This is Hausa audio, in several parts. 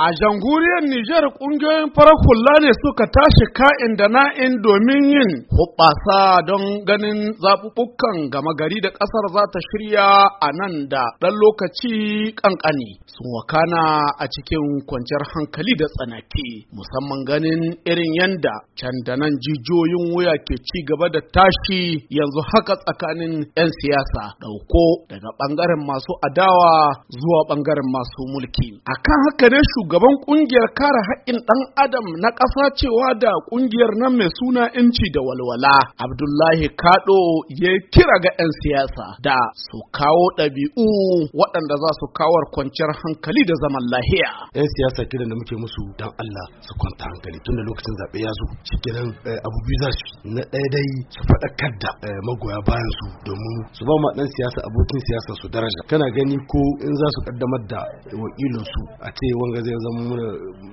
A jamhuriyar Nijar ƙungiyoyin farar hula ne suka tashi ka'in da na'in domin yin huɓasa don ganin zaɓuɓɓukan gama gari da ƙasar za ta shirya a nan da ɗan lokaci ƙanƙani sun wakana a cikin kwanciyar hankali da tsanaki musamman ganin irin yanda can da nan jijiyoyin wuya ke ci gaba da tashi yanzu haka tsakanin 'yan siyasa ɗauko daga ɓangaren masu adawa zuwa ɓangaren masu mulki. Akan haka ne shugaban kungiyar kare haƙƙin ɗan adam na ƙasa cewa da kungiyar nan mai suna ‘yanci da walwala abdullahi kado ya kira ga 'yan siyasa da su kawo ɗabi'u waɗanda za su kawar kwanciyar hankali da zaman lahiya 'yan siyasa kiran da muke musu don allah su kwanta hankali tun da lokacin zaɓe ya zo cikinan eh, abubuwa za su na ɗaya dai su faɗakar da eh, magoya bayan su domin su ba ma ɗan siyasa abokin siyasa su daraja kana gani ko in za su ƙaddamar da wakilin su a ce wanga zai zama muna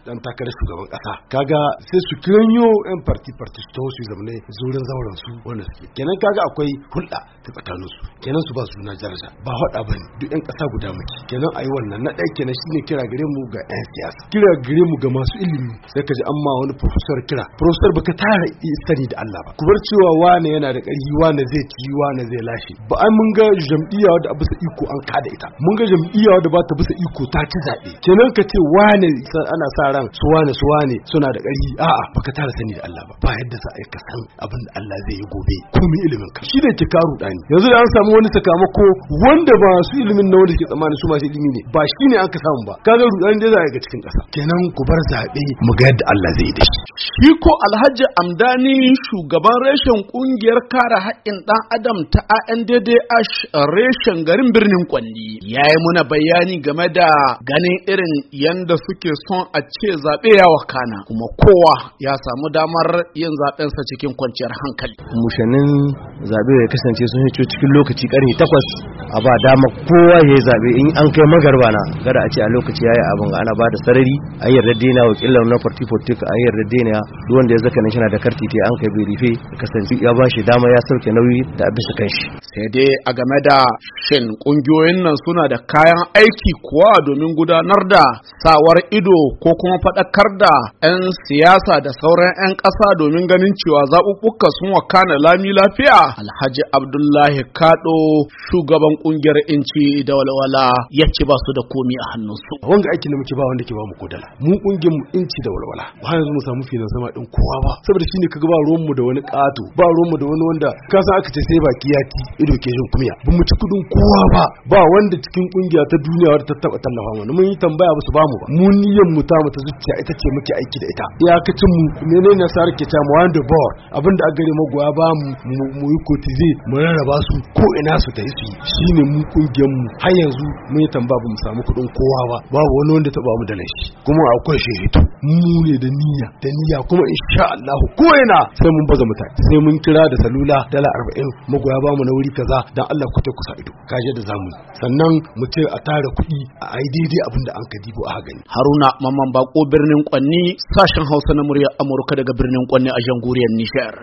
dan takarar shugaban kasa kaga sai su kiranyo yan parti parti su zama ne zurin zauren su wanda suke kenan kaga akwai hulɗa ta tsakanin su kenan su ba su na daraja ba hada bane duk yan kasa guda muke kenan ayi wannan na ɗaya kenan shine kira gare mu ga yan siyasa kira gare mu ga masu ilimi sai ka ji an ma wani professor kira professor baka tara sani da Allah ba kubar cewa wane yana da ƙarfi wane zai ci wane zai lashe ba ai mun ga jam'iyya da bisa iko an kada ita mun ga jam'iyya da ba ta bisa iko ta ci zabe kenan ka ce wa wane ana sa ran su wane su wane suna da ƙarfi a'a baka tara sani da Allah ba ba yadda za a yi ka san abin da Allah zai yi gobe komai ilimin ka shi da ki karu dani yanzu da an samu wani sakamako wanda ba su ilimin na wanda ke tsammani su shi ilimi ne ba shi ne aka samu ba ga rudani da za a ga cikin ƙasa kenan ku bar zaɓe mu ga yadda Allah zai yi da shi shi ko Alhaji Amdani shugaban reshen kungiyar kare haƙƙin ɗan adam ta ANDDH reshen garin birnin Kwandi ya yi muna bayani game da ganin irin yanda suke son a ce zaɓe ya wakana kuma kowa ya samu damar yin zaɓensa cikin kwanciyar hankali. Mushanin zaɓe ya kasance sun hito cikin lokaci ƙarni takwas a ba dama kowa ya yi zaɓe in an kai magarba na kada a ce a lokaci ya yi abin ana ba da sarari an yarda daina wakilan na farti farti an yarda daina wanda ya zaka nan na da karti ta an kai bai rufe kasance ya ba shi dama ya sauke nauyi da abin su kai shi. Sai dai a game da shin ƙungiyoyin nan suna da kayan aiki kuwa domin gudanar da sawa kawar ido ko kuma faɗakar da 'yan siyasa da sauran 'yan ƙasa domin ganin cewa zaɓuɓɓuka sun wakana lami lafiya alhaji abdullahi kado shugaban ƙungiyar inci da walwala ya ci ba su da komi a hannunsu wanga aikin da muke ba wanda ke ba mu kudala mu ƙungiyar mu inci da walwala ba yanzu mu samu finan sama ɗin kowa ba saboda shine kaga ba ruwan mu da wani ƙato ba ruwan mu da wani wanda ka san aka ce sai baki ya ci ido ke jin kumya ba mu ci kudin kowa ba ba wanda cikin ƙungiya ta duniya wadda ta taɓa tallafa mana mun yi tambaya ba su ba mu ba mu niyyar mu ta mata zuciya ita ce muke aiki da ita iyakacin mu ne sa rake ta mu wanda bor abinda a gare magoya ba mu mu yi kotize mu rarraba su ko ina su ta Shi ne mu kungiyar mu har yanzu mun yi tamba ba mu samu kuɗin kowa ba babu wani wanda ta ba mu da laifi kuma akwai shehitu mu ne da niyya da niyya kuma insha Allah ko ina sai mun baza mutane sai mun kira da salula dala arba'in. magoya ba mu na wuri kaza dan Allah ku ta kusa ido kaje da zamu sannan mu ce a tara kuɗi a ai daidai abin da an ka dibo a gani Haruna Mamman Bako birnin Kwanni sashen Hausa na Murya Amurka daga birnin Kwanni a jamhuriyar Nijar.